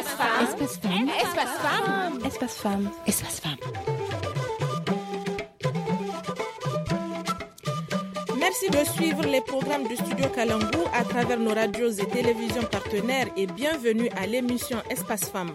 Espace Femme. Espace Femmes. Espace Femme. Espace Femmes. Merci de suivre les programmes du studio Kalangu à travers nos radios et télévisions partenaires et bienvenue à l'émission Espace Femme.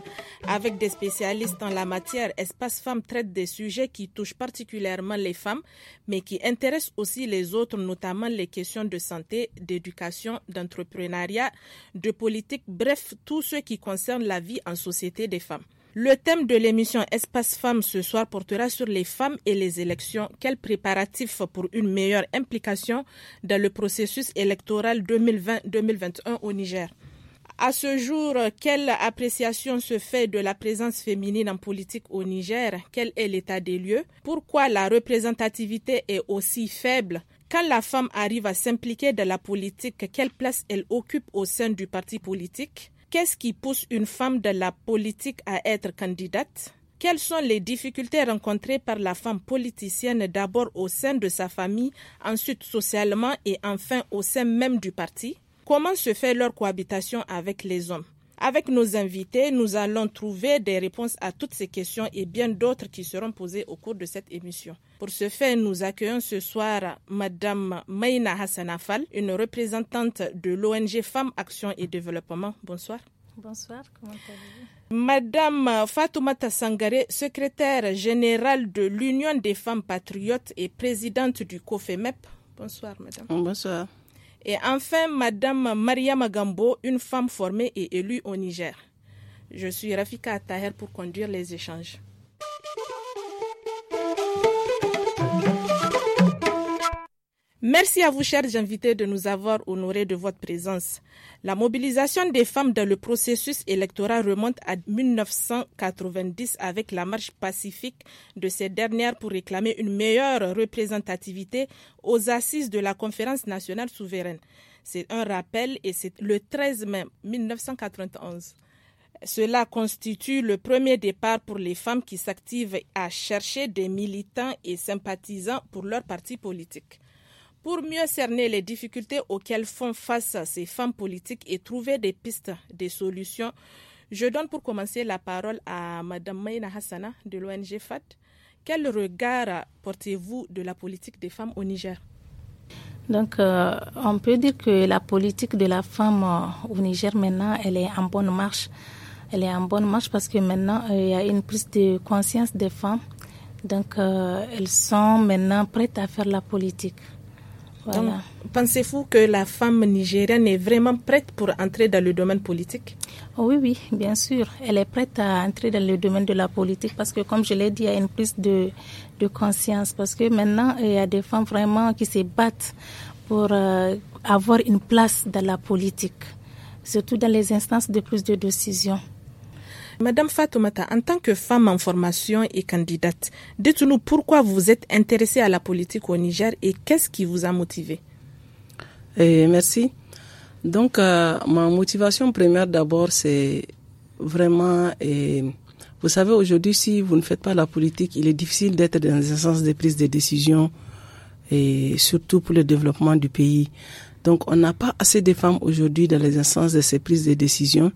Avec des spécialistes en la matière, Espace Femmes traite des sujets qui touchent particulièrement les femmes, mais qui intéressent aussi les autres, notamment les questions de santé, d'éducation, d'entrepreneuriat, de politique, bref, tout ce qui concerne la vie en société des femmes. Le thème de l'émission Espace Femmes ce soir portera sur les femmes et les élections. Quels préparatifs pour une meilleure implication dans le processus électoral 2020-2021 au Niger à ce jour, quelle appréciation se fait de la présence féminine en politique au Niger Quel est l'état des lieux Pourquoi la représentativité est aussi faible quand la femme arrive à s'impliquer dans la politique, quelle place elle occupe au sein du parti politique Qu'est-ce qui pousse une femme de la politique à être candidate Quelles sont les difficultés rencontrées par la femme politicienne d'abord au sein de sa famille, ensuite socialement et enfin au sein même du parti comment se fait leur cohabitation avec les hommes. Avec nos invités, nous allons trouver des réponses à toutes ces questions et bien d'autres qui seront posées au cours de cette émission. Pour ce faire, nous accueillons ce soir Madame Mayna Hassanafal, une représentante de l'ONG Femmes Action et Développement. Bonsoir. Bonsoir, comment allez-vous Madame Fatoumata Sangare, secrétaire générale de l'Union des femmes patriotes et présidente du COFEMEP. Bonsoir, madame. Bonsoir. Et enfin, Madame Maria Magambo, une femme formée et élue au Niger. Je suis Rafika Tahir pour conduire les échanges. Merci à vous, chers invités, de nous avoir honorés de votre présence. La mobilisation des femmes dans le processus électoral remonte à 1990 avec la marche pacifique de ces dernières pour réclamer une meilleure représentativité aux assises de la Conférence nationale souveraine. C'est un rappel et c'est le 13 mai 1991. Cela constitue le premier départ pour les femmes qui s'activent à chercher des militants et sympathisants pour leur parti politique pour mieux cerner les difficultés auxquelles font face ces femmes politiques et trouver des pistes, des solutions, je donne pour commencer la parole à Madame Mayna Hassana de l'ONG FAT. Quel regard portez-vous de la politique des femmes au Niger donc, euh, on peut dire que la politique de la femme euh, au Niger maintenant, elle est en bonne marche. Elle est en bonne marche parce que maintenant, euh, il y a une prise de conscience des femmes. Donc, elles sont maintenant prêtes à faire la politique. Pensez-vous que la femme nigérienne est vraiment prête pour entrer dans le domaine politique oh Oui, oui, bien sûr. Elle est prête à entrer dans le domaine de la politique parce que, comme je l'ai dit, il y a une prise de, conscience. Parce que maintenant, il y a des femmes vraiment qui se battent pour euh, avoir une place dans la politique, surtout dans les instances de prise de décision. Madame Fatoumata, en tant que femme en formation et candidate, dites-nous pourquoi vous êtes intéressée à la politique au Niger et qu'est-ce qui vous a motivée eh, Merci. Donc, euh, ma motivation première d'abord, c'est vraiment... Eh, vous savez, aujourd'hui, si vous ne faites pas la politique, il est difficile d'être dans les instances de prise de décision et eh, surtout pour le développement du pays. Donc, on n'a pas assez de femmes aujourd'hui dans les instances de ces prises de décision.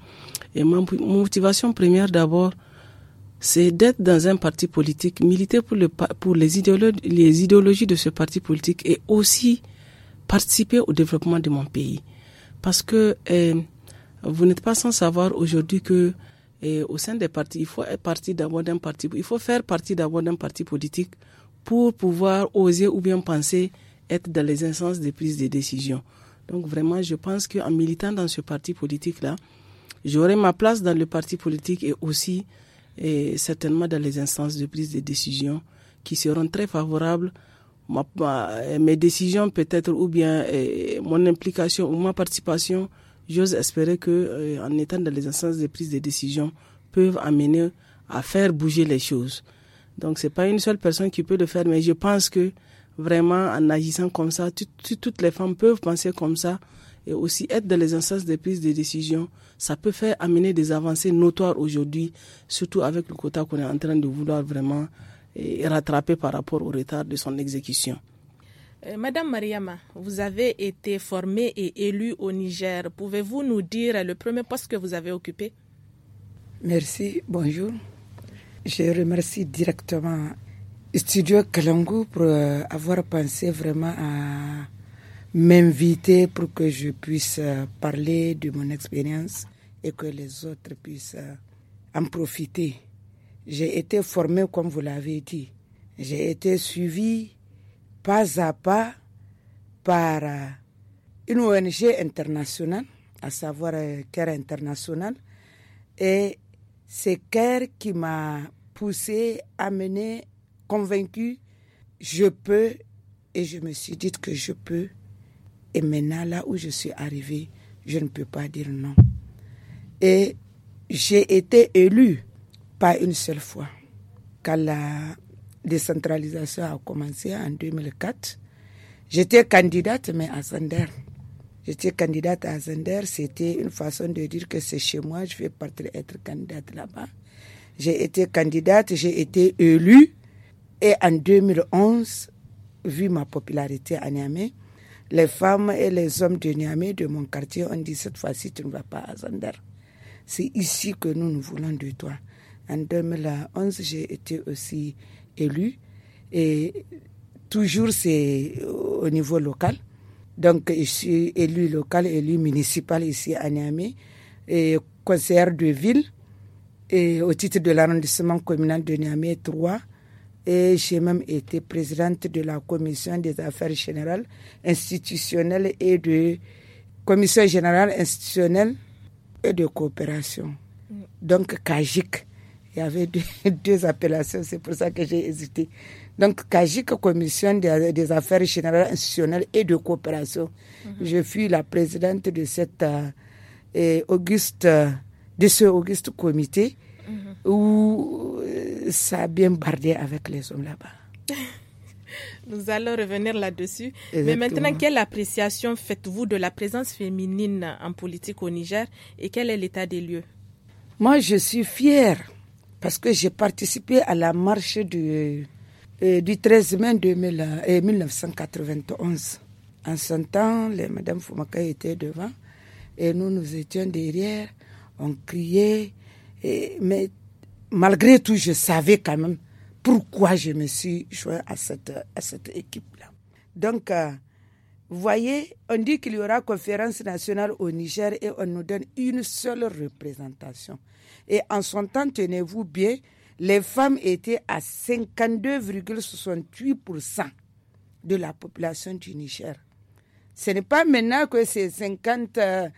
Et ma motivation première d'abord, c'est d'être dans un parti politique, militer pour, le, pour les, idéologies, les idéologies de ce parti politique et aussi participer au développement de mon pays. Parce que euh, vous n'êtes pas sans savoir aujourd'hui que euh, au sein des partis, il faut être parti d'abord d'un parti, il faut faire partie d'abord d'un parti politique pour pouvoir oser ou bien penser être dans les instances de prise de décision. Donc vraiment, je pense qu'en militant dans ce parti politique-là, j'aurai ma place dans le parti politique et aussi et certainement dans les instances de prise de décision qui seront très favorables. mes décisions peut-être ou bien mon implication ou ma participation, j'ose espérer que euh, en étant dans les instances de prise de décision, peuvent amener à faire bouger les choses. Donc c'est pas une seule personne qui peut le faire, mais je pense que vraiment en agissant comme ça, toutes les femmes peuvent penser comme ça et aussi être dans les instances de prise de décision, ça peut faire amener des avancées notoires aujourd'hui, surtout avec le quota qu'on est en train de vouloir vraiment eh, rattraper par rapport au retard de son exécution. Euh, Madame Mariama, vous avez été formée et élue au Niger. Pouvez-vous nous dire le premier poste que vous avez occupé Merci, bonjour. Je remercie directement Studio Kalangu pour euh, avoir pensé vraiment à m'inviter pour que je puisse euh, parler de mon expérience et que les autres puissent euh, en profiter. J'ai été formé, comme vous l'avez dit. J'ai été suivi pas à pas par euh, une ONG internationale, à savoir CARE International. Et c'est CARE qui m'a poussé, amené, convaincu, je peux, et je me suis dit que je peux et maintenant, là où je suis arrivée, je ne peux pas dire non. Et j'ai été élue pas une seule fois. Quand la décentralisation a commencé en 2004, j'étais candidate, mais à Zender. J'étais candidate à Zender, c'était une façon de dire que c'est chez moi, je vais partir être candidate là-bas. J'ai été candidate, j'ai été élue, et en 2011, vu ma popularité à Niamey, les femmes et les hommes de Niamey, de mon quartier, ont dit cette fois-ci, tu ne vas pas à Zander. C'est ici que nous nous voulons de toi. En 2011, j'ai été aussi élue et toujours c'est au niveau local. Donc, je suis élu local, élu municipal ici à Niamey et conseillère de ville et au titre de l'arrondissement communal de Niamey 3 et j'ai même été présidente de la commission des affaires générales institutionnelles et de commission générale institutionnelle et de coopération. Donc CAGIC, il y avait deux, appellations, c'est pour ça que j'ai hésité. Donc CAGIC, commission des, affaires générales institutionnelles et de coopération. Mhm. Je suis la présidente de cette euh, auguste de ce auguste comité mhm. où ça a bien bardé avec les hommes là-bas. Nous allons revenir là-dessus. Mais maintenant, quelle appréciation faites-vous de la présence féminine en politique au Niger et quel est l'état des lieux Moi, je suis fière parce que j'ai participé à la marche du, euh, du 13 mai 1991. Euh, en ce temps, les Madame Foumaka était devant et nous, nous étions derrière. On criait, et, mais malgré tout, je savais quand même pourquoi je me suis joint à cette, à cette équipe-là. Donc, euh, vous voyez, on dit qu'il y aura conférence nationale au Niger et on nous donne une seule représentation. Et en son temps, tenez-vous bien, les femmes étaient à 52,68% de la population du Niger. Ce n'est pas maintenant que c'est 50, euh,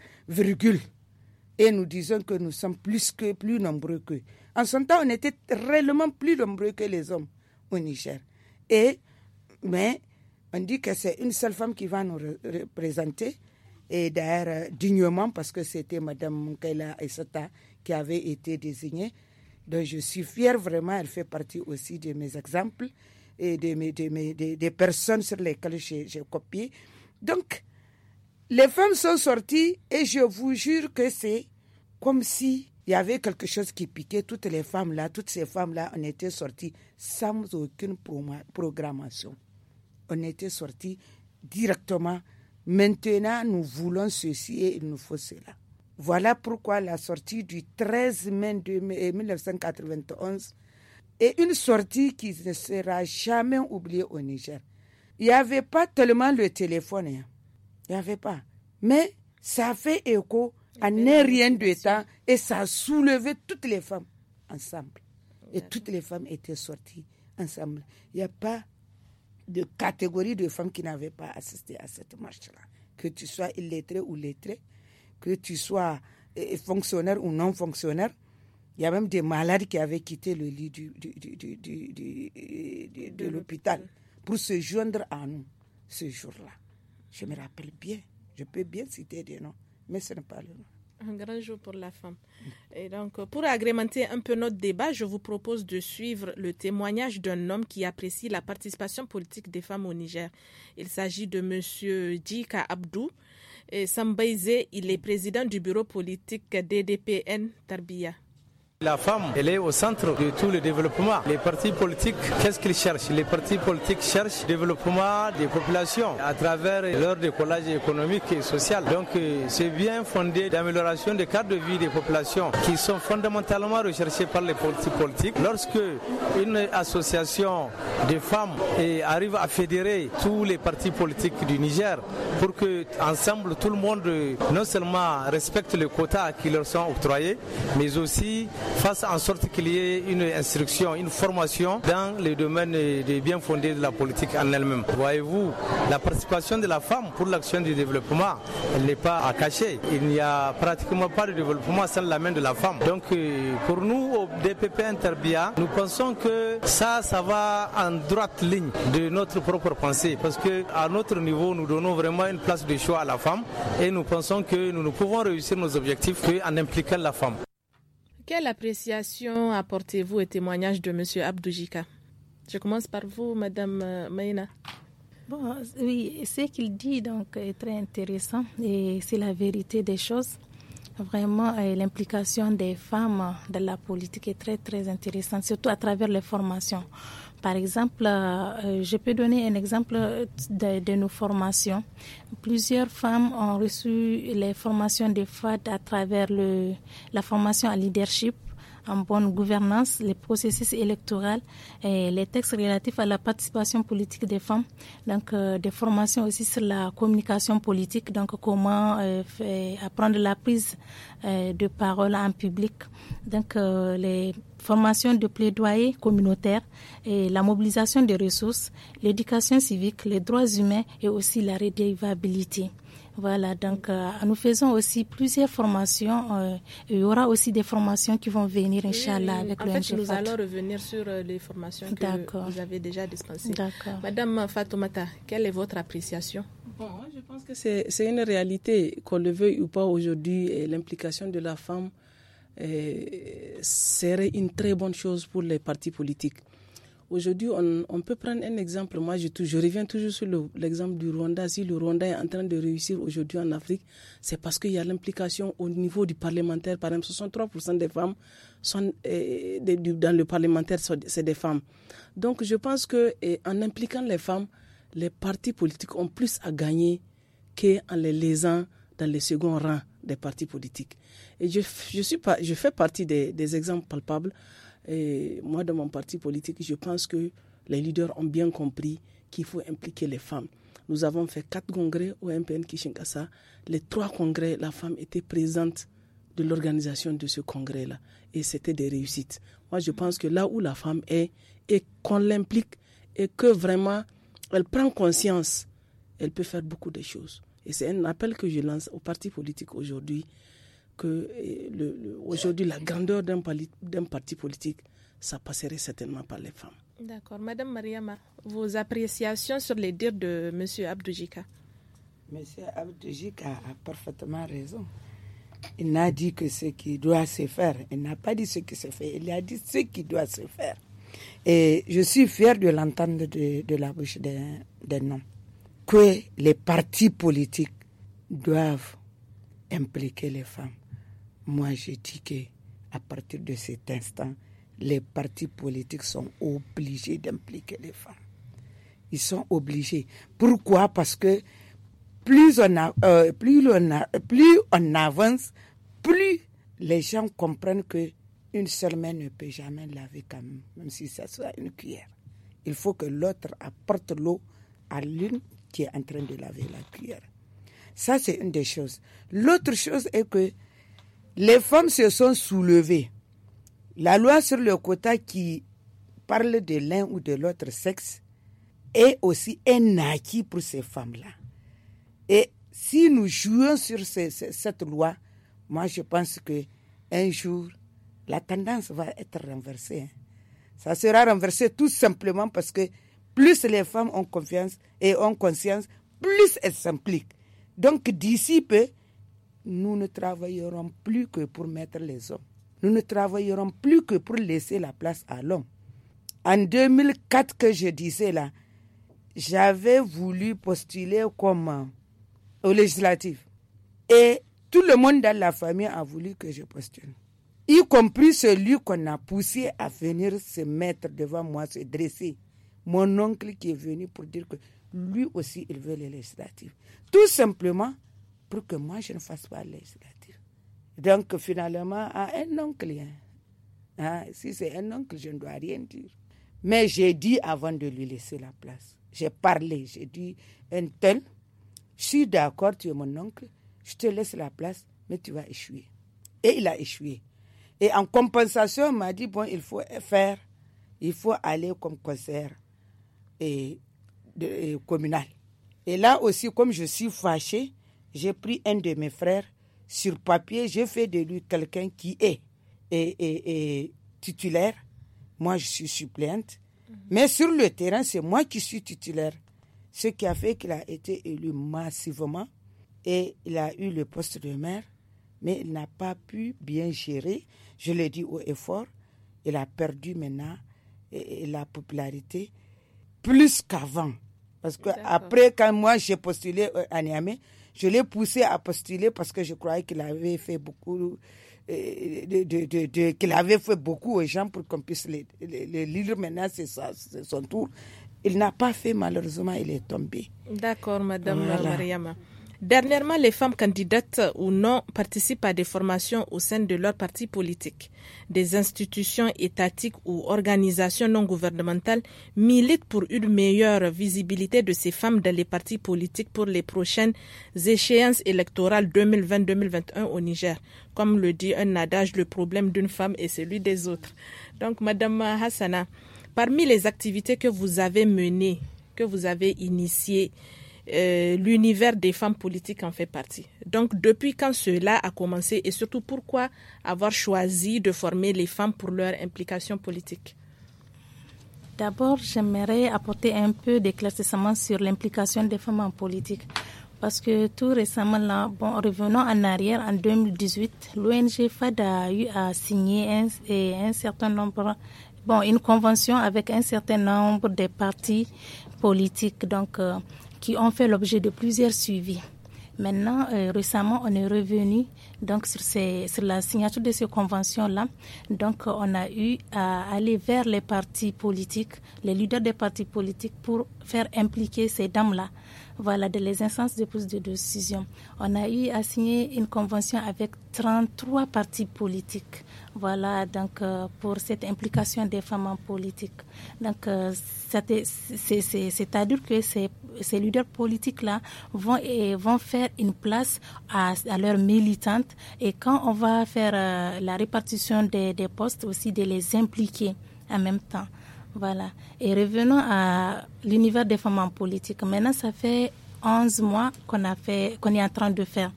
et nous disons que nous sommes plus que plus nombreux qu'eux. En son temps, on était réellement plus nombreux que les hommes au Niger. Et, mais on dit que c'est une seule femme qui va nous représenter. Et d'ailleurs, euh, dignement, parce que c'était Mme et Essata qui avait été désignée. Donc je suis fière vraiment, elle fait partie aussi de mes exemples et des de des personnes sur lesquelles j'ai copié. Donc, les femmes sont sorties et je vous jure que c'est comme si il y avait quelque chose qui piquait toutes les femmes là, toutes ces femmes là, on était sorties sans aucune programmation. On était sorties directement. Maintenant, nous voulons ceci et il nous faut cela. Voilà pourquoi la sortie du 13 mai 1991 euh, est une sortie qui ne sera jamais oubliée au Niger. Il n'y avait pas tellement le téléphone, hein. il n'y avait pas. Mais ça fait écho en un rien de temps et ça a soulevé toutes les femmes ensemble. Et toutes les femmes étaient sorties ensemble. Il n'y a pas de catégorie de femmes qui n'avaient pas assisté à cette marche-là. Que tu sois illettré ou lettré, que tu sois euh, fonctionnaire ou non fonctionnaire, il y a même des malades qui avaient quitté le lit du, de l'hôpital pour se joindre à nous ce jour-là. Je me rappelle bien, je peux bien citer des noms mais ce n'est pas le un grand jour pour la femme. Et donc, pour agrémenter un peu notre débat, je vous propose de suivre le témoignage d'un homme qui apprécie la participation politique des femmes au Niger. Il s'agit de M. Djika Abdou. Sambaïze, il est président du bureau politique DDPN Tarbiya. La femme, elle est au centre de tout le développement. Les partis politiques, qu'est-ce qu'ils cherchent Les partis politiques cherchent le développement des populations à travers leur décollage économique et social. Donc euh, c'est bien fondé d'amélioration des cadres de vie des populations qui sont fondamentalement recherchées par les partis politiques. Lorsque une association de femmes eh, arrive à fédérer tous les partis politiques du Niger pour que ensemble tout le monde euh, non seulement respecte les quotas qui leur sont octroyés, mais aussi fasse en sorte qu'il y ait une instruction, une formation dans le domaine des biens fondés de la politique en elle-même. Voyez-vous, la participation de la femme pour l'action du développement, elle n'est pas à cacher. Il n'y a pratiquement pas de développement sans la main de la femme. Donc euh, pour nous, au DPP Interbia, nous pensons que ça, ça va en droite ligne de notre propre pensée parce que à notre niveau, nous donnons vraiment une place de choix à la femme et nous pensons que nous ne pouvons réussir nos objectifs en impliquant la femme. Quelle appréciation apportez-vous au témoignage de M. Abdoujika Je commence par vous, Madame euh, Maïna. oui, ce qu'il dit donc est très intéressant et c'est la vérité des choses. Vraiment, euh, l'implication des femmes dans la politique est très très intéressante, surtout à travers les formations. Par exemple, euh, euh, je peux donner un exemple de, nos formations. Plusieurs femmes ont reçu les formations des FAD à travers le, la formation à leadership en bonne gouvernance, les processus électoraux et les textes relatifs à la participation politique des femmes. Donc, euh, des formations aussi sur la communication politique, donc comment apprendre la prise de parole en public. Donc, les formation de plaidoyer communautaire et la mobilisation des ressources, l'éducation civique, les droits humains et aussi la redévabilité Voilà, donc euh, nous faisons aussi plusieurs formations. Euh, il y aura aussi des formations qui vont venir, Inch'Allah, avec en le fait, nous allons revenir sur euh, les formations que vous avez déjà dispensées. Madame Fatoumata, quelle est votre appréciation Bon, je pense que c'est une réalité, qu'on le veuille ou pas aujourd'hui, l'implication de la femme eh, serait une très bonne chose pour les partis politiques. Aujourd'hui, on, peut prendre un exemple. Moi, je, je reviens toujours sur l'exemple du Rwanda. Si le Rwanda est en train de réussir aujourd'hui en Afrique, c'est parce qu'il y a l'implication au niveau du parlementaire. Par exemple, 63% des femmes sont, eh, dans le parlementaire, c'est des femmes. Donc, je pense que eh, en impliquant les femmes, les partis politiques ont plus à gagner qu'en les laissant dans les seconds rangs des partis politiques. Et je, je, je fais partie des, des, exemples palpables. Et moi, dans mon parti politique, je pense que les leaders ont bien compris qu'il faut impliquer les femmes. Nous avons fait quatre congrès au MPN Kishinkasa. Les trois congrès, la femme était présente de l'organisation de ce congrès-là. Et c'était des réussites. Moi, je pense que là où la femme est, et qu'on l'implique, et que vraiment elle prend conscience, elle peut faire beaucoup de choses. Et c'est un appel que je lance au parti politique aujourd'hui, que eh, le, aujourd'hui la grandeur d'un, parti politique, ça passerait certainement par les femmes. D'accord. Madame Mariama, vos appréciations sur les dires de M. Abdoujika Monsieur Abdoujika a parfaitement raison. Il n'a dit que ce qui doit se faire. Il n'a pas dit ce qui se fait. Il a dit ce qui doit se faire. Et je suis fière de l'entendre de, de, la bouche d'un homme que les partis politiques doivent impliquer les femmes. Moi, j'ai dit que à partir de cet instant, les partis politiques sont obligés d'impliquer les femmes. Ils sont obligés. Pourquoi Parce que plus on, a, euh, plus, on a, plus on avance, plus les gens comprennent que une seule main ne peut jamais laver quand même, même si ça soit une cuillère. Il faut que l'autre apporte l'eau à l'une qui est en train de laver la cuillère. Ça, c'est une des choses. L'autre chose est que les femmes se sont soulevées. La loi sur le quota qui parle de l'un ou de l'autre sexe est aussi un acquis pour ces femmes-là. Et si nous jouons sur cette loi, moi je pense que un jour, la tendance va être renversée. Hein. Ça sera renversé tout simplement parce que plus les femmes ont confiance et ont conscience, plus elles s'impliquent. Donc d'ici peu, nous ne travaillerons plus que pour mettre les hommes. Nous ne travaillerons plus que pour laisser la place à l'homme. En 2004 que je disais là, j'avais voulu postuler comme euh, au législatif. Et tout le monde dans la famille a voulu que je postule. Y compris celui qu'on a poussé à venir se mettre devant moi, se dresser mon oncle qui est venu pour dire que lui aussi, il veut les législatives. Tout simplement pour que moi, je ne fasse pas les législatives. Donc, finalement, à un oncle, hein. ah, si c'est un oncle, je ne dois rien dire. Mais j'ai dit avant de lui laisser la place. J'ai parlé, j'ai dit, un tel, je suis d'accord, tu es mon oncle, je te laisse la place, mais tu vas échouer. Et il a échoué. Et en compensation, il m'a dit, bon, il faut faire, il faut aller comme concert et, communal. Et là aussi, comme je suis fâché, j'ai pris un de mes frères sur papier, j'ai fait de lui quelqu'un qui est, et titulaire. Moi, je suis suppléante. Mhm. Mais sur le terrain, c'est moi qui suis titulaire. Ce qui a fait qu'il a été élu massivement et il a eu le poste de maire, mais il n'a pas pu bien gérer. Je l'ai dit au effort, il a perdu maintenant et la popularité plus qu'avant. Parce que après, quand moi j'ai postulé euh, à Niamey, je l'ai poussé à postuler parce que je croyais qu'il avait fait beaucoup, euh, de, de, de, qu'il avait fait beaucoup aux gens pour qu'on puisse les, lire. Maintenant, c'est son tour. Il n'a pas fait, malheureusement, il est tombé. D'accord, Madame Mariama. Dernièrement, les femmes candidates ou non participent à des formations au sein de leur parti politique. Des institutions étatiques ou organisations non gouvernementales militent pour une meilleure visibilité de ces femmes dans les partis politiques pour les prochaines échéances électorales 2020-2021 au Niger. Comme le dit un adage, le problème d'une femme est celui des autres. Donc, Madame Hassana, parmi les activités que vous avez menées, que vous avez initiées, euh, l'univers des femmes politiques en fait partie. Donc depuis quand cela a commencé et surtout pourquoi avoir choisi de former les femmes pour leur implication politique D'abord, j'aimerais apporter un peu d'éclaircissement sur l'implication des femmes en politique. Parce que tout récemment, là, bon, revenons en arrière, en 2018, l'ONG FAD a eu à signer un, certain nombre, bon, une convention avec un certain nombre de partis politiques. Donc, euh, qui ont fait l'objet de plusieurs suivis. Maintenant, euh, récemment, on est revenu donc sur, la signature de ces conventions-là. Donc, euh, on a eu à aller vers les partis politiques, les leaders des partis politiques, pour faire impliquer ces dames-là, voilà, de les instances de prise de décision. On a eu à signer une convention avec 33 partis politiques voilà, donc euh, pour cette implication des femmes en politique. Donc, euh, c'est-à-dire que ces, leaders politiques-là vont, vont faire une place à, leurs militantes et quand on va faire euh, la répartition des, postes aussi, de les impliquer en même temps. Voilà. Et revenons à l'univers des femmes en politique. Maintenant, ça fait 11 mois qu'on a fait, qu'on est en train de faire.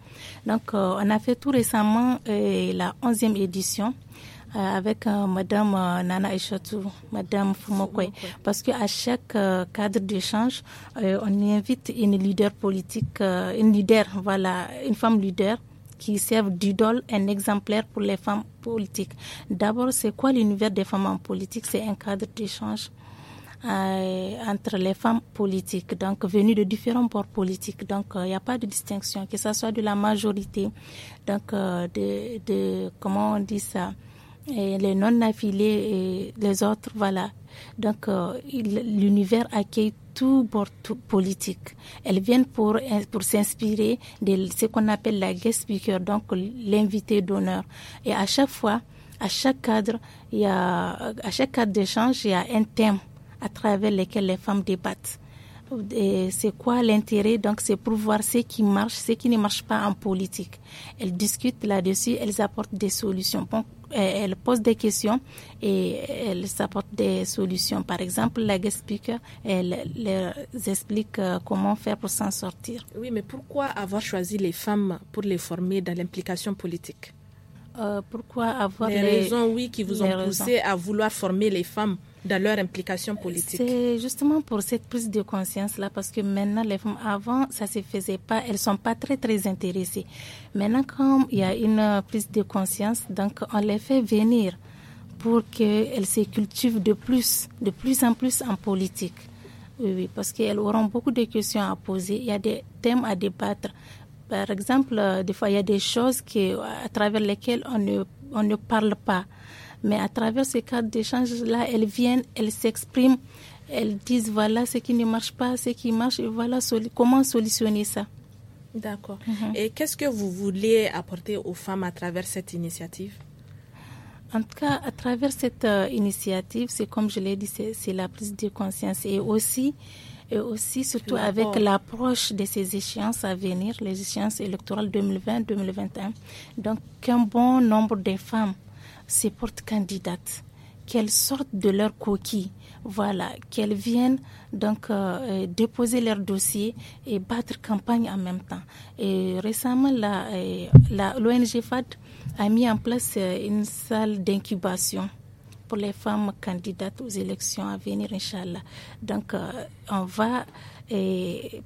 Donc, on a fait tout récemment la 11e édition euh, avec euh, Madame euh, Nana Ishatou, Madame Fumokwe, parce qu'à chaque cadre d'échange, on invite une leader politique, une leader, voilà, une femme leader qui serve d'idole, un exemplaire pour les femmes politiques. D'abord, c'est quoi l'univers des femmes en politique C'est un cadre d'échange entre les femmes politiques, donc venues de différents bords politiques. Donc, il n'y a pas de distinction, que ce soit de la majorité, donc de, comment on dit ça, et les non-affiliés et les autres, voilà. Donc, euh, l'univers accueille tout bord politique. Elles viennent pour, euh, pour s'inspirer de ce qu'on appelle la guest speaker, donc l'invité d'honneur. Et à chaque fois, à chaque cadre, il y a, à chaque cadre d'échange, il y a un thème à travers lequel les femmes débattent. Euh, c'est quoi l'intérêt Donc, c'est pour voir ce qui marche, ce qui ne marche pas en politique. Elles discutent là-dessus, elles apportent des solutions. Euh, elles posent des questions et elles apportent des solutions. Par exemple, la guest speaker, elle leur explique euh, comment faire pour s'en sortir. Oui, mais pourquoi avoir choisi les femmes pour les former dans l'implication politique pourquoi avoir les, raisons oui qui vous ont poussé à vouloir former les femmes dans leur implication politique C'est justement pour cette prise de conscience-là, parce que maintenant, les femmes, avant, ça ne se faisait pas, elles ne sont pas très, très intéressées. Maintenant, comme il y a une prise de conscience, donc on les fait venir pour qu'elles se cultivent de plus, de plus en plus en politique. Oui, oui, parce qu'elles auront beaucoup de questions à poser. Il y a des thèmes à débattre. Par exemple, euh, des fois, il y a des choses qui, à travers lesquelles on ne, on ne parle pas. Mais à travers ces cadres d'échange-là, elles viennent, elles s'expriment, elles disent voilà ce qui ne marche pas, ce qui marche, et voilà comment solutionner ça. D'accord. Mhm. Et qu'est-ce que vous voulez apporter aux femmes à travers cette initiative en tout cas, à travers cette euh, initiative, c'est comme je l'ai dit, c'est la prise de conscience et aussi, et aussi surtout avec l'approche de ces échéances à venir, les échéances électorales 2020-2021. Donc, qu'un bon nombre de femmes ces porte candidates, qu'elles sortent de leur coquille, voilà, qu'elles viennent donc euh, euh, déposer leurs dossiers et battre campagne en même temps. Et récemment, l'ONG la, euh, FAD a mis en place une salle d'incubation pour les femmes candidates aux élections à venir, Inch'Allah. Donc, on va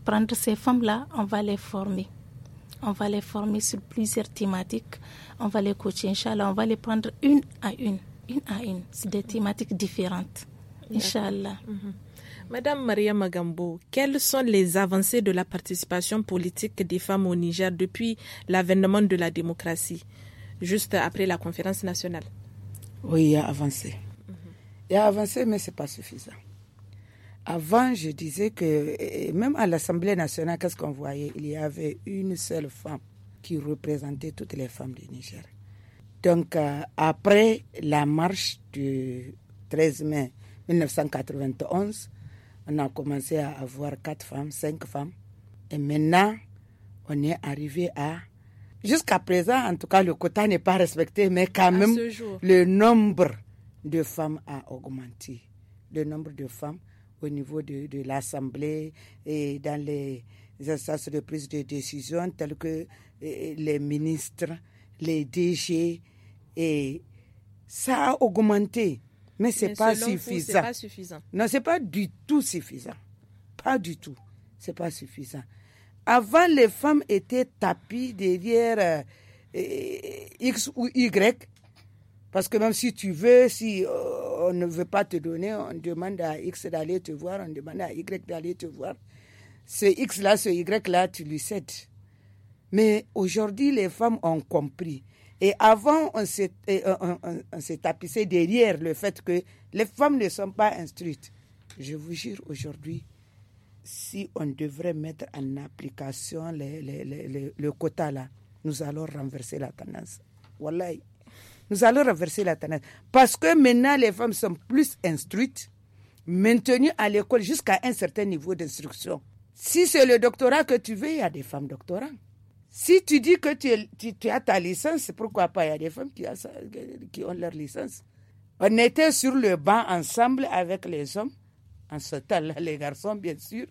prendre ces femmes-là, on va les former on va les former sur plusieurs thématiques, on va les coacher, Inch'Allah, on va les prendre une à une, une à une, c'est des thématiques différentes, Inch'Allah. Mhm. Madame Maria Magambo, quelles sont les avancées de la participation politique des femmes au Niger depuis l'avènement de la démocratie, juste après la conférence nationale Oui, il y a avancé. Mhm. Il y a avancé, mais ce n'est pas suffisant. Avant, je disais que même à l'Assemblée nationale, qu'est-ce qu'on voyait Il y avait une seule femme qui représentait toutes les femmes du Niger. Donc, euh, après la marche du 13 mai 1991, on a commencé à avoir quatre femmes, cinq femmes. Et maintenant, on est arrivé à... Jusqu'à présent, en tout cas, le quota n'est pas respecté, mais quand même, le nombre de femmes a augmenté. Le nombre de femmes au niveau de, l'Assemblée et dans les instances de prise de décision telles que eh, eh, les ministres, les DG. Et ça a augmenté, mais ce n'est pas suffisant. Non, ce n'est pas du tout suffisant. Pas du tout. Ce n'est pas suffisant. Avant, les femmes étaient tapies derrière eh, X ou Y parce que même si tu veux, si euh, on ne veut pas te donner, on demande à X d'aller te voir, on demande à Y d'aller te voir. Ce X-là, ce Y-là, tu lui cèdes. Mais aujourd'hui, les femmes ont compris. Et avant, euh, on s'est, tapissé derrière le fait que les femmes ne sont pas instruites. Je vous jure aujourd'hui, si on devrait mettre en application les, le quota là, nous allons renverser la tendance. Wallahi. Nous allons renverser la tendance. Parce que maintenant, les femmes sont plus instruites, maintenues à l'école jusqu'à un certain niveau d'instruction. Si c'est le doctorat que tu veux, il y a des femmes doctorantes. Si tu dis que tu, as ta licence, pourquoi pas Il y a des femmes qui, ont leur licence. On était sur le banc ensemble avec les hommes, en ce temps-là, les garçons, bien sûr.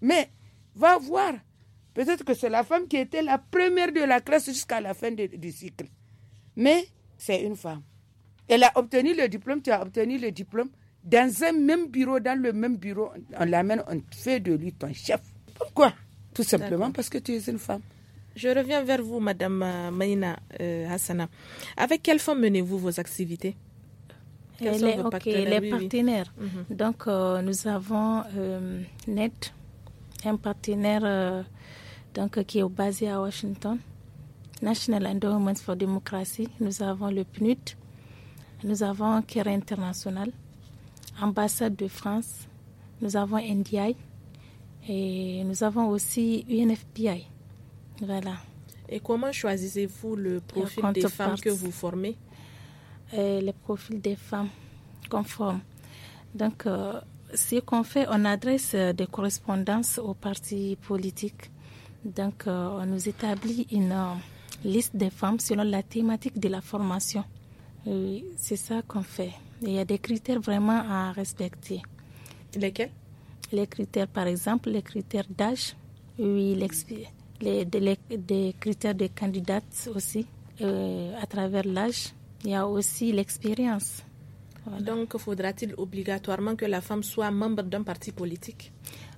Mais va voir. Peut-être que c'est la femme qui était la première de la classe jusqu'à la fin du cycle. Mais c'est une femme. Elle a obtenu le diplôme, tu as obtenu le diplôme. Dans un même bureau, dans le même bureau, on l'amène, on fait de lui ton chef. Pourquoi Tout simplement parce que tu es une femme. Je reviens vers vous, Madame euh, Maïna euh, Hassana. Avec quelle femme menez-vous vos activités Quels les, partenaires, mhm. Donc, euh, nous avons NED, NET, un partenaire donc, qui est basé à Washington. National Endowment for Democracy, nous avons le PNUD, nous avons CARE International, Ambassade de France, nous avons NDI et nous avons aussi UNFPI. Voilà. Et comment choisissez-vous le profil des femmes que vous formez euh, Le profil des femmes conforme. Donc, euh, ce qu'on fait, on adresse euh, des correspondances aux partis politiques. Donc, on nous établit une liste des femmes selon la thématique de la formation. Oui, c'est ça qu'on fait. Il y a des critères vraiment à respecter. Lesquels Les critères, par exemple, les critères d'âge, oui, les, critères de candidates aussi, euh, à travers l'âge. Il y a aussi l'expérience. Donc, faudra-t-il obligatoirement que la femme soit membre d'un parti politique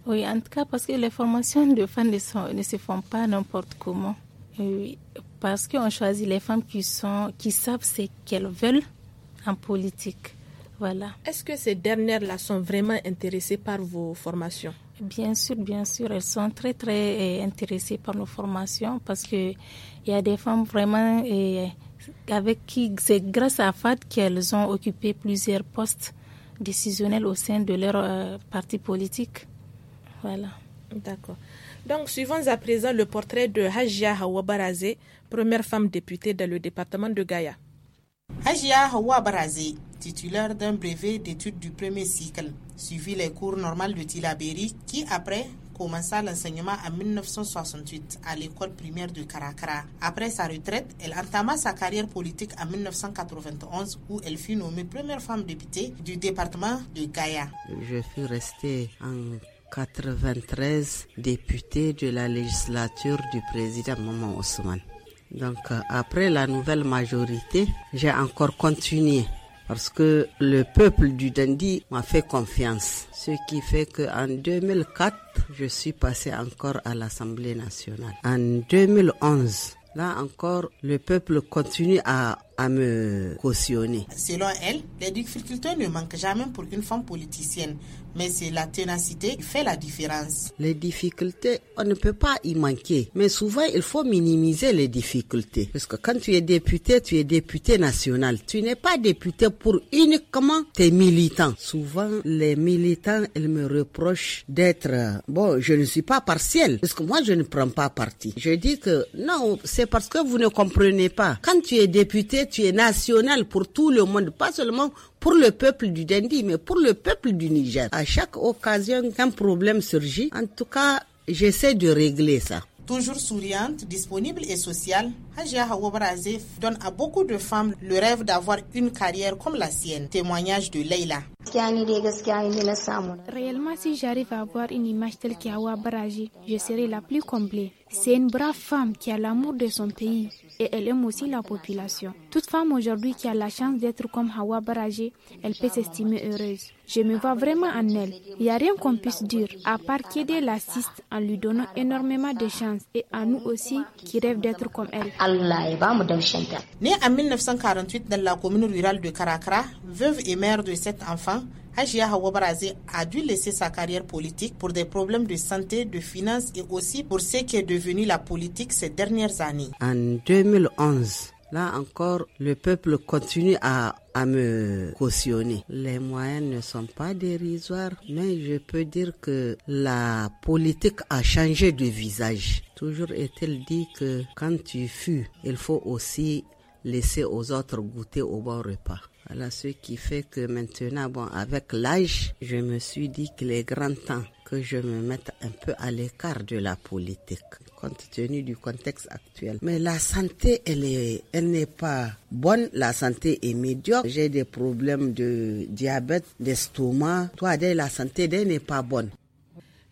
Oui, en tout cas, parce que les formations de femmes ne se font pas n'importe comment. Oui, parce qu'on choisit les femmes qui, sont, qui savent ce qu'elles veulent en politique. Voilà. Est-ce que ces dernières-là sont vraiment intéressées par vos formations Bien sûr, bien sûr, elles sont très très euh, intéressées par nos formations parce que il y a des femmes vraiment euh, avec qui c'est grâce à FAD qu'elles ont occupé plusieurs postes décisionnels au sein de leur euh, parti politique. Voilà. D'accord. Donc, suivons à présent le portrait de Hajia Hawa première femme députée dans le département de Gaïa. Hajia Hawa titulaire d'un brevet d'études du premier cycle, suivit les cours normaux de Tilaberi qui, après, commença l'enseignement en 1968 à l'école primaire de Karakara. Après sa retraite, elle entama sa carrière politique en 1991 où elle fut nommée première femme députée du département de Gaïa. Je suis restée en 93 députés de la législature du président Maman Ousmane. Donc euh, après la nouvelle majorité, j'ai encore continué parce que le peuple du Dandi m'a fait confiance. Ce qui fait qu'en 2004, je suis passé encore à l'Assemblée nationale. En 2011, là encore, le peuple continue à à me cautionner. Selon elle, les difficultés ne manquent jamais pour une femme politicienne, mais c'est la ténacité qui fait la différence. Les difficultés, on ne peut pas y manquer, mais souvent il faut minimiser les difficultés. Parce que quand tu es député, tu es député national. Tu n'es pas député pour uniquement tes militants. Souvent, les militants, ils me reprochent d'être, bon, je ne suis pas partiel, parce que moi, je ne prends pas parti. Je dis que non, c'est parce que vous ne comprenez pas. Quand tu es député, tu es national pour tout le monde, pas seulement pour le peuple du Dendi, mais pour le peuple du Niger. À chaque occasion qu'un problème surgit, en tout cas, j'essaie de régler ça. Toujours souriante, disponible et sociale, Hajia Azef donne à beaucoup de femmes le rêve d'avoir une carrière comme la sienne. Témoignage de Leila. Réellement, si j'arrive à avoir une image telle qu'Awa je serai la plus comblée. C'est une brave femme qui a l'amour de son pays et elle aime aussi la population. Toute femme aujourd'hui qui a la chance d'être comme Hawa Baraji, elle peut s'estimer heureuse. Je me vois vraiment en elle. Il n'y a rien qu'on puisse dire, à part qu'aider l'assiste en lui donnant énormément de chance et à nous aussi qui rêvent d'être comme elle. Né en 1948 dans la commune rurale de Karakara, veuve et mère de sept enfants, Hajia Hawa a dû laisser sa carrière politique pour des problèmes de santé, de finances et aussi pour ce qui est devenu la politique ces dernières années. En 2011, là encore, le peuple continue à me cautionner. Les moyens ne sont pas dérisoires, mais je peux dire que la politique a changé de visage. Toujours est il dit que quand tu fus il faut aussi laisser aux autres goûter au bon repas. Voilà ce qui fait que maintenant, bon, avec l'âge, je me suis dit qu'il est grand temps que je me mette un peu à l'écart de la politique, compte tenu du contexte actuel. Mais la santé, elle est, elle n'est pas bonne. La santé est médiocre. J'ai des problèmes de diabète, d'estomac. Toi, dès la santé, dès n'est pas bonne.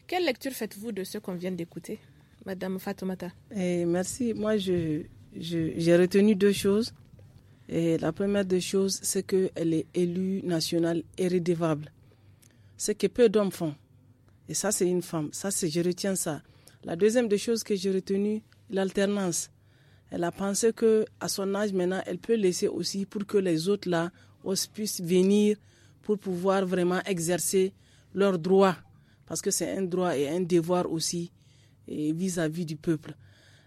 Quelle lecture faites-vous de ce qu'on vient d'écouter? Madame Fatoumata. Eh, merci. Moi, j'ai je, retenu deux choses. Et la première des choses, c'est qu'elle est élue nationale et rédévable. Ce que peu d'hommes font. Et ça, c'est une femme. Ça, c'est, je retiens ça. La deuxième des choses que j'ai retenue, l'alternance. Elle a pensé que à son âge maintenant, elle peut laisser aussi pour que les autres là puissent venir pour pouvoir vraiment exercer leurs droits. Parce que c'est un droit et un devoir aussi et vis-à-vis du peuple.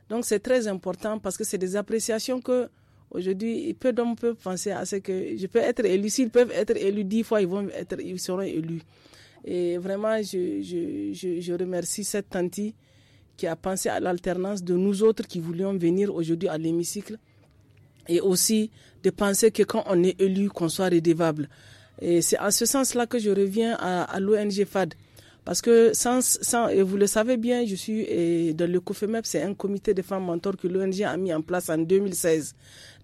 Donc c'est très important parce que c'est des appréciations que aujourd'hui peu d'hommes peuvent penser à ce que je peux être élu. S'ils peuvent être élus dix fois, ils vont être, ils seront élus. Et vraiment, je, je, je, remercie cette tante qui a pensé à l'alternance de nous autres qui voulions venir aujourd'hui à l'hémicycle et aussi de penser que quand on est élu, qu'on soit rédévable Et c'est en ce sens-là que je reviens à, à l'ONG FAD. Parce que sans, et vous le savez bien, je suis dans le COFEMEP, c'est un comité de femmes mentors que l'ONG a mis en place en 2016.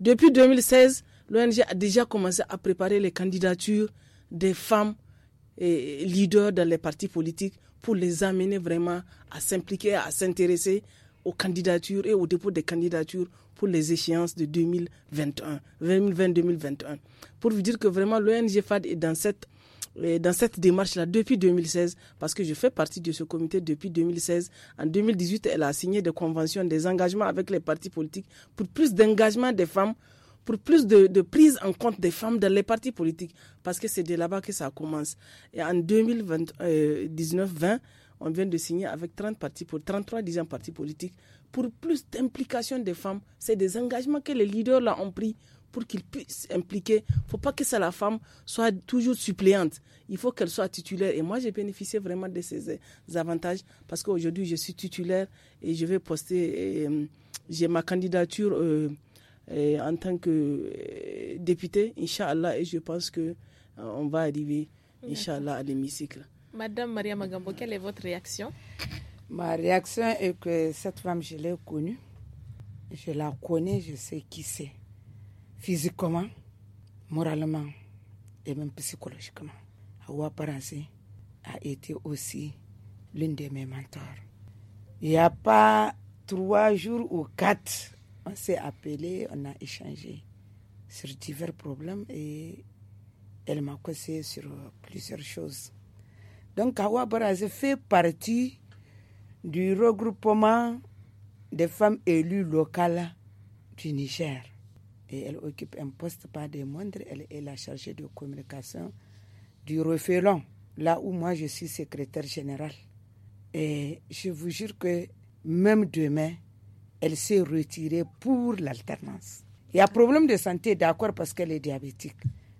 Depuis 2016, l'ONG a déjà commencé à préparer les candidatures des femmes leaders dans les partis politiques pour les amener vraiment à s'impliquer, à s'intéresser aux candidatures et au dépôt des candidatures pour les échéances de 2021, 2020-2021. Pour vous dire que vraiment l'ONG FAD est dans cette dans cette démarche-là depuis 2016, parce que je fais partie de ce comité depuis 2016. En 2018, elle a signé des conventions, des engagements avec les partis politiques pour plus d'engagement des femmes, pour plus de, prise en compte des femmes dans les partis politiques, parce que c'est de là-bas que ça commence. Et en 2019-20, euh, on vient de signer avec 30 partis, pour 33 disons, partis politiques pour plus d'implication des femmes. C'est des engagements que les leaders là ont pris pour qu'il puisse impliquer. Il ne faut pas que ça, la femme soit toujours suppléante. Il faut qu'elle soit titulaire. Et moi, j'ai bénéficié vraiment de ces euh, avantages parce qu'aujourd'hui, je suis titulaire et je vais poster. Euh, j'ai ma candidature euh, en tant que députée député, Inch'Allah, et je pense qu'on on va arriver, Inch'Allah, à l'hémicycle. Madame Maria Magambo, quelle est votre réaction Ma réaction est que cette femme, je l'ai connue. Je la connais, je sais qui c'est physiquement, moralement et même psychologiquement. Hawa Paransi a été aussi l'une de mes mentors. Il n'y a pas trois jours ou quatre, on s'est appelé, on a échangé sur divers problèmes et elle m'a conseillé sur plusieurs choses. Donc Hawa Paransi fait partie du regroupement des femmes élues locales du Niger et elle occupe un poste pas des moindres. Elle est la chargée de communication du Refélon, là où moi je suis secrétaire générale. Et je vous jure que même demain, elle s'est retirée pour l'alternance. Il y a problème de santé, d'accord, parce qu'elle est diabétique,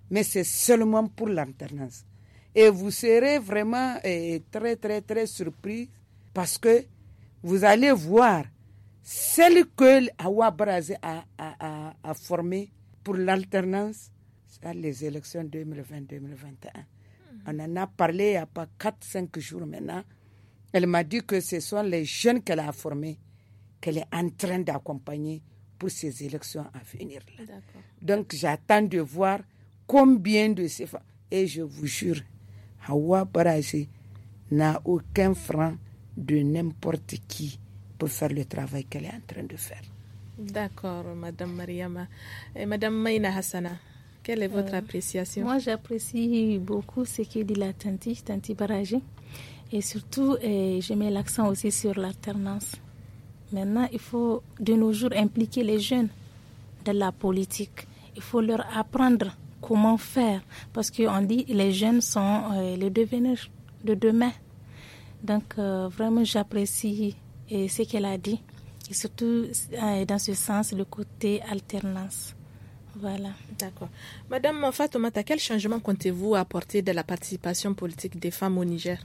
mais c'est seulement pour l'alternance. Et vous serez vraiment eh, très, très, très surpris parce que vous allez voir celle que Hawa Brazé a, formée pour l'alternance à les élections 2020-2021. Mhm. On en a parlé il n'y a pas 4-5 jours maintenant. Elle m'a dit que ce sont les jeunes qu'elle a formés qu'elle est en train d'accompagner pour ces élections à venir. Donc j'attends de voir combien de ces femmes. Et je vous jure, Hawa Barazi n'a aucun franc de n'importe qui faire le travail qu'elle est en train de faire. D'accord, Madame Mariama. Et Madame Hassana, quelle est votre euh, appréciation Moi, j'apprécie beaucoup ce que dit la Tanti, Tanti Baraji. Et surtout, euh, je mets l'accent aussi sur l'alternance. Maintenant, il faut de nos jours impliquer les jeunes dans la politique. Il faut leur apprendre comment faire. Parce qu'on dit les jeunes sont euh, les devenirs de demain. Donc, vraiment, j'apprécie et ce qu'elle a dit. Et surtout euh, dans ce sens, le côté alternance. Voilà. D'accord. Madame Fatoumata, quel changement comptez-vous apporter de la participation politique des femmes au Niger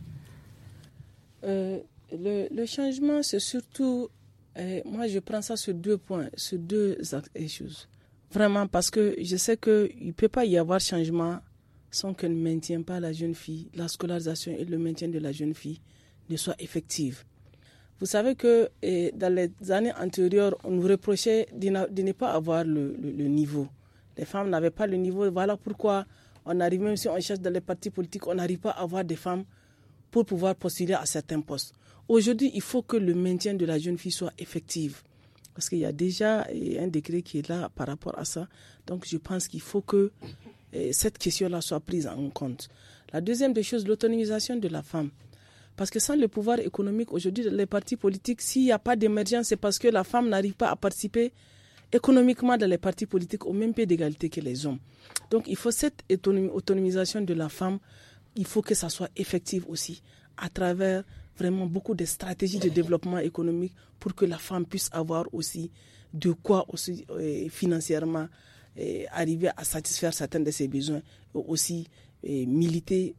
euh, le, changement, c'est surtout, euh, moi je prends ça sur deux points, sur deux choses. Vraiment, parce que je sais qu'il ne peut pas y avoir changement sans qu'elle ne maintienne pas la jeune fille, la scolarisation et le maintien de la jeune fille ne soient effective. Vous savez que dans les années antérieures, on nous reprochait de ne pas avoir le, niveau. Les femmes n'avaient pas le niveau. Voilà pourquoi on arrive, même si on cherche dans les partis politiques, on n'arrive pas à avoir des femmes pour pouvoir postuler à certains postes. Aujourd'hui, il faut que le maintien de la jeune fille soit effectif. Parce qu'il y a déjà un décret qui est là par rapport à ça. Donc, je pense qu'il faut que cette question-là soit prise en compte. La deuxième des choses, l'autonomisation de la femme. Parce que sans le pouvoir économique, aujourd'hui, les partis politiques, s'il n'y a pas d'émergence, c'est parce que la femme n'arrive pas à participer économiquement dans les partis politiques au même pied d'égalité que les hommes. Donc il faut cette autonomisation de la femme, il faut que ça soit effective aussi, à travers vraiment beaucoup de stratégies de développement économique pour que la femme puisse avoir aussi de quoi aussi euh, financièrement euh, arriver à satisfaire certains de ses besoins, aussi et militer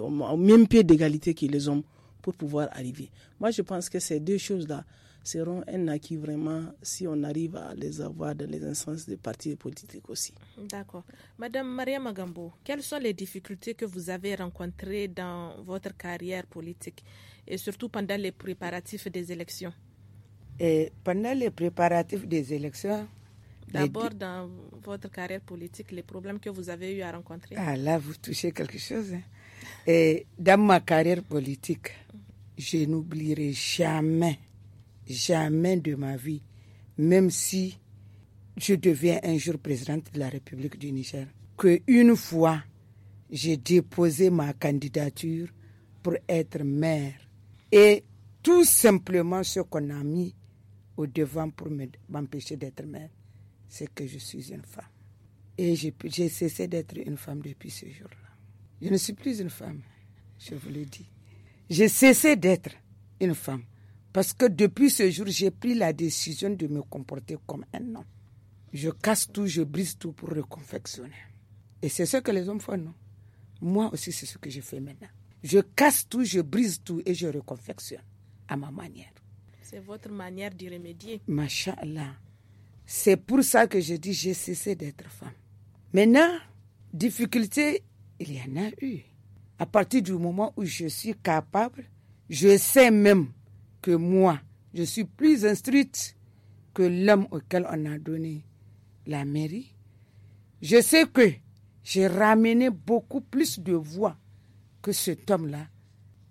au même pied d'égalité que les hommes pour pouvoir arriver. Moi, je pense que ces deux choses-là seront un acquis vraiment si on arrive à les avoir dans les instances des partis politiques aussi. D'accord. Madame Maria Magambo, quelles sont les difficultés que vous avez rencontrées dans votre carrière politique et surtout pendant les préparatifs des élections et Pendant les préparatifs des élections, D'abord, dans votre carrière politique, les problèmes que vous avez eu à rencontrer. Ah là, vous touchez quelque chose. Hein. Et dans ma carrière politique, je n'oublierai jamais, jamais de ma vie, même si je deviens un jour présidente de la République du Niger, qu'une fois, j'ai déposé ma candidature pour être maire. Et tout simplement ce qu'on a mis au devant pour m'empêcher d'être maire, c'est que je suis une femme. Et j'ai cessé d'être une femme depuis ce jour-là. Je ne suis plus une femme, je vous le dis. J'ai cessé d'être une femme parce que depuis ce jour, j'ai pris la décision de me comporter comme un homme. Je casse tout, je brise tout pour reconfectionner. Et c'est ce que les hommes font, non Moi aussi, c'est ce que je fais maintenant. Je casse tout, je brise tout et je reconfectionne à ma manière. C'est votre manière de remédier. là c'est pour ça que je dis j'ai cessé d'être femme. Maintenant, difficulté, il y en a eu. À partir du moment où je suis capable, je sais même que moi, je suis plus instruite que l'homme auquel on a donné la mairie. Je sais que j'ai ramené beaucoup plus de voix que cet homme-là.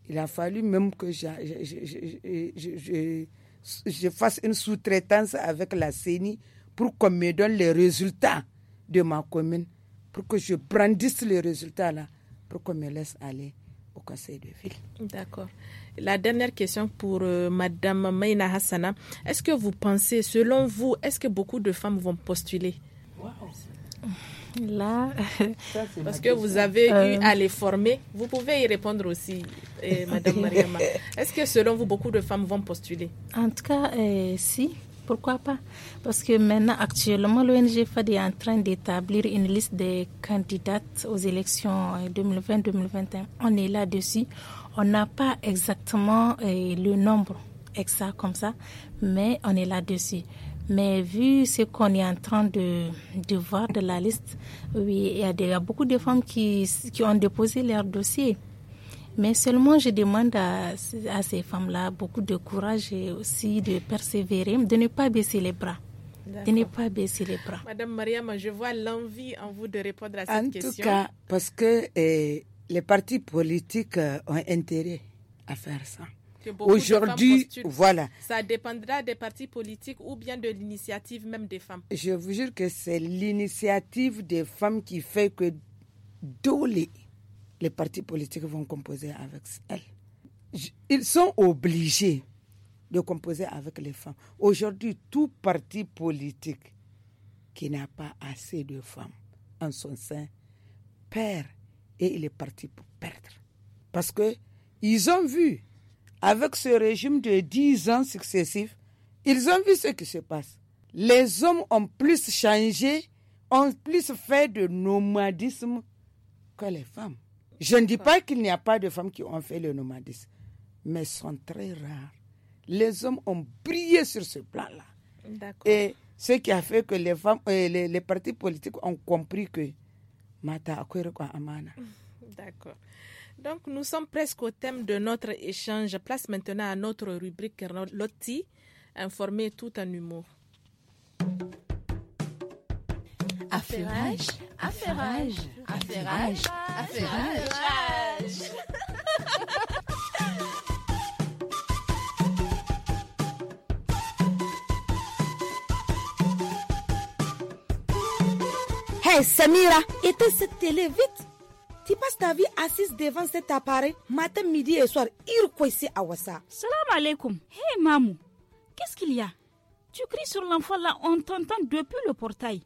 Il a fallu même que je, je, je fasse une sous-traitance avec la CENI pour qu'on me donne les résultats de ma commune, pour que je brandisse les résultats là, pour qu'on me laisse aller au conseil de ville. D'accord. La dernière question pour euh, Madame Maïna Hassana. Est-ce que vous pensez, selon vous, est-ce que beaucoup de femmes vont postuler Là, parce que vous avez eu euh. à les former, vous pouvez y répondre aussi, eh, Madame Mariama. Est-ce que selon vous, beaucoup de femmes vont postuler En tout cas, eh, si. Pourquoi pas Parce que maintenant, actuellement, l'ONG FAD est en train d'établir une liste des candidates aux élections 2020-2021. Eh, on est là-dessus. On n'a pas exactement le nombre exact comme ça, mais on est là-dessus. Mais vu ce qu'on est en train de, voir de la liste, oui, il y, a, beaucoup de femmes qui, qui, ont déposé leur dossier. Mais seulement, je demande à, ces femmes-là beaucoup de courage et aussi de persévérer, de ne pas baisser les bras. De ne pas baisser les bras. Madame Mariam, je vois l'envie en vous de répondre à cette question. En tout cas, parce que eh, les partis politiques euh, ont intérêt à faire ça. Aujourd'hui, voilà. Ça dépendra des partis politiques ou bien de l'initiative même des femmes. Je vous jure que c'est l'initiative des femmes qui fait que d'où les partis politiques vont composer avec elles. Ils sont obligés de composer avec les femmes. Aujourd'hui, tout parti politique qui n'a pas assez de femmes en son sein perd et il est parti pour perdre. Parce que ils ont vu avec ce régime de 10 ans successifs, ils ont vu ce qui se passe. Les hommes ont plus changé, ont plus fait de nomadisme que les femmes. Je ne dis pas qu'il n'y a pas de femmes qui ont fait le nomadisme, mais sont très rares. Les hommes ont brillé sur ce plan-là. Et ce qui a fait que les femmes, euh, les, partis politiques ont compris que Mata D'accord. Donc, nous sommes presque au thème de notre échange. Place maintenant à notre rubrique Lotti, informer tout en humour. Affairage, affairage, affairage, affairage. Hey Samira, éteins cette télé vite tu passes ta vie assise devant cet appareil matin, midi et soir. Il à Wassa. Salam alaikum. Hey Mamou, qu'est-ce qu'il y a Tu cries sur l'enfant là, on t'entend depuis le portail.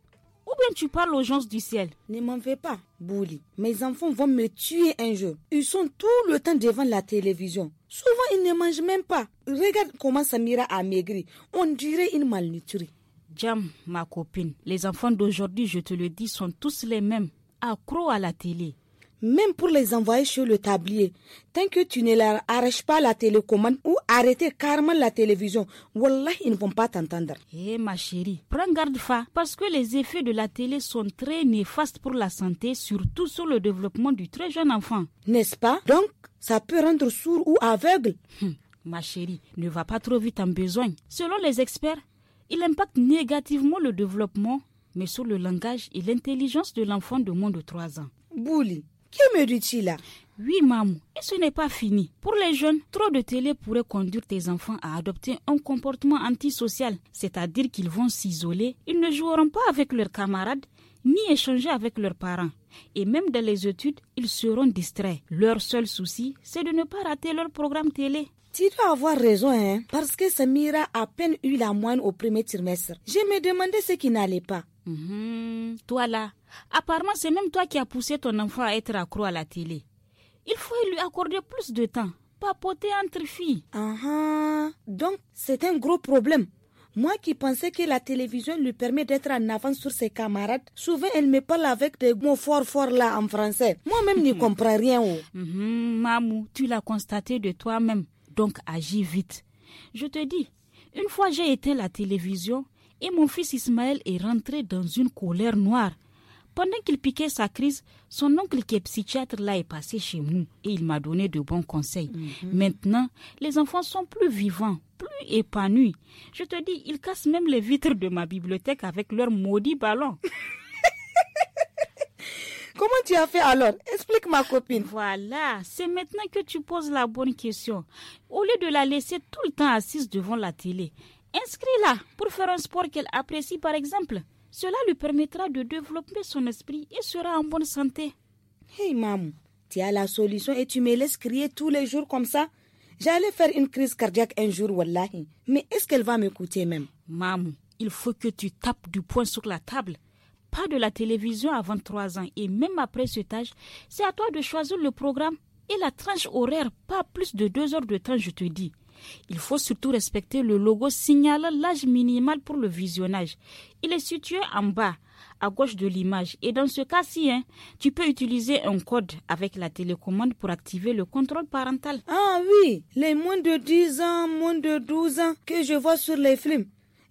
Ou bien tu parles aux gens du ciel Ne m'en fais pas, Bouli. Mes enfants vont me tuer un jour. Ils sont tout le temps devant la télévision. Souvent, ils ne mangent même pas. Regarde comment Samira a maigri. On dirait une malnutrie. Jam, ma copine, les enfants d'aujourd'hui, je te le dis, sont tous les mêmes, Accro à la télé même pour les envoyer sur le tablier. Tant que tu ne leur arraches pas la télécommande ou arrêter carrément la télévision, Wallah, ils ne vont pas t'entendre. Eh ma chérie, prends garde fa, parce que les effets de la télé sont très néfastes pour la santé, surtout sur le développement du très jeune enfant. N'est-ce pas Donc, ça peut rendre sourd ou aveugle. Hum, ma chérie, ne va pas trop vite en besogne. Selon les experts, il impacte négativement le développement, mais sur le langage et l'intelligence de l'enfant de moins de 3 ans. Bouli, que me dit-il là oui, maman, et ce n'est pas fini. Pour les jeunes, trop de télé pourrait conduire tes enfants à adopter un comportement antisocial, c'est-à-dire qu'ils vont s'isoler, ils ne joueront pas avec leurs camarades, ni échanger avec leurs parents. Et même dans les études, ils seront distraits. Leur seul souci, c'est de ne pas rater leur programme télé. Tu dois avoir raison, hein, parce que Samira a à peine eu la moine au premier trimestre. Je me demandais ce qui n'allait pas. Mhm. toi là, apparemment c'est même toi qui as poussé ton enfant à être accro à la télé. Il faut lui accorder plus de temps, papoter entre filles. Ah Donc c'est un gros problème. Moi qui pensais que la télévision lui permet d'être en avance sur ses camarades, souvent elle me parle avec des mots fort fort là en français. Moi-même ne comprends rien. Oh. Mhm, mamou, tu l'as constaté de toi-même, donc agis vite. Je te dis, une fois j'ai éteint la télévision, et mon fils Ismaël est rentré dans une colère noire. Pendant qu'il piquait sa crise, son oncle qui est psychiatre là est passé chez nous et il m'a donné de bons conseils. Mhm. Maintenant, les enfants sont plus vivants, plus épanouis. Je te dis, ils cassent même les vitres de ma bibliothèque avec leurs maudits ballons. Comment tu as fait alors Explique ma copine. Voilà, c'est maintenant que tu poses la bonne question. Au lieu de la laisser tout le temps assise devant la télé, Inscris-la pour faire un sport qu'elle apprécie par exemple. Cela lui permettra de développer son esprit et sera en bonne santé. Hey maman, tu as la solution et tu me laisses crier tous les jours comme ça J'allais faire une crise cardiaque un jour, wallahi. Mais est-ce qu'elle va m'écouter même Maman, il faut que tu tapes du poing sur la table. Pas de la télévision avant trois ans et même après ce âge, c'est à toi de choisir le programme et la tranche horaire, pas plus de deux heures de temps, je te dis. Il faut surtout respecter le logo signalant l'âge minimal pour le visionnage. Il est situé en bas, à gauche de l'image. Et dans ce cas-ci, hein, tu peux utiliser un code avec la télécommande pour activer le contrôle parental. Ah oui, les moins de 10 ans, moins de 12 ans que je vois sur les films.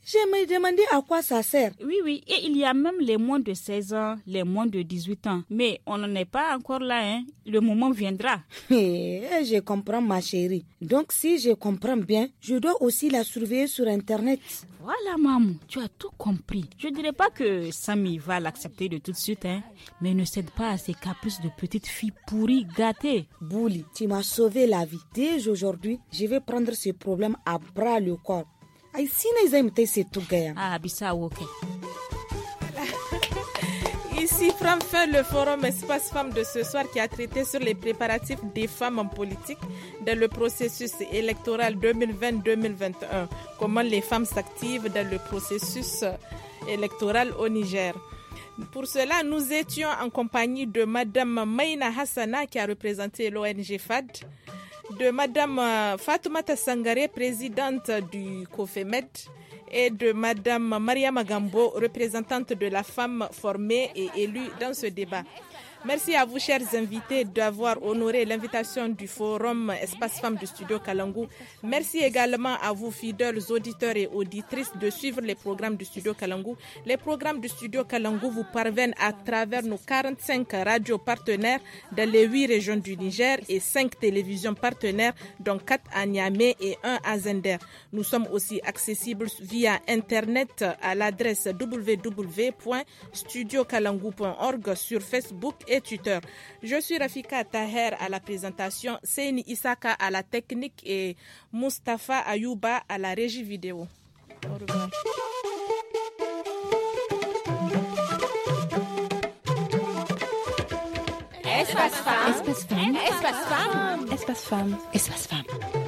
Je me demandais à quoi ça sert. Oui, oui, et il y a même les moins de 16 ans, les moins de 18 ans. Mais on n'en est pas encore là, hein. Le moment viendra. Eh, je comprends, ma chérie. Donc, si je comprends bien, je dois aussi la surveiller sur Internet. Voilà, maman, tu as tout compris. Je ne dirais pas que Samy va l'accepter de tout de suite, hein. Mais ne cède pas à ses caprices de petite fille pourrie, gâtée. Bouli, tu m'as sauvé la vie. Dès aujourd'hui, je vais prendre ce problème à bras le corps. Ici nous Ici, Femme Fin, le forum Espace Femmes de ce soir qui a traité sur les préparatifs des femmes en politique dans le processus électoral 2020-2021. Comment les femmes s'activent dans le processus électoral au Niger. Pour cela, nous étions en compagnie de Madame Mayna Hassana qui a représenté l'ONG FAD de Madame euh, Fatoumata Sangare, présidente du COFEMED, et de Madame Maria Magambo, représentante de la femme formée et élue dans ce débat. Merci à vous, chers invités, d'avoir honoré l'invitation du forum Espace Femmes du studio Kalangou. Merci également à vous, fidèles auditeurs et auditrices, de suivre les programmes du studio Kalangou. Les programmes du studio Kalangou vous parviennent à travers nos 45 radios partenaires dans les 8 régions du Niger et 5 télévisions partenaires, dont 4 à Niamey et 1 à Zender. Nous sommes aussi accessibles via Internet à l'adresse www.studiokalangou.org sur Facebook et tuteur. Je suis Rafika Taher à la présentation, Seni Isaka à la technique et Mustafa Ayuba à la régie vidéo. Au revoir. Espace Espace femme. Espace femme. Espace femme. Espace femme.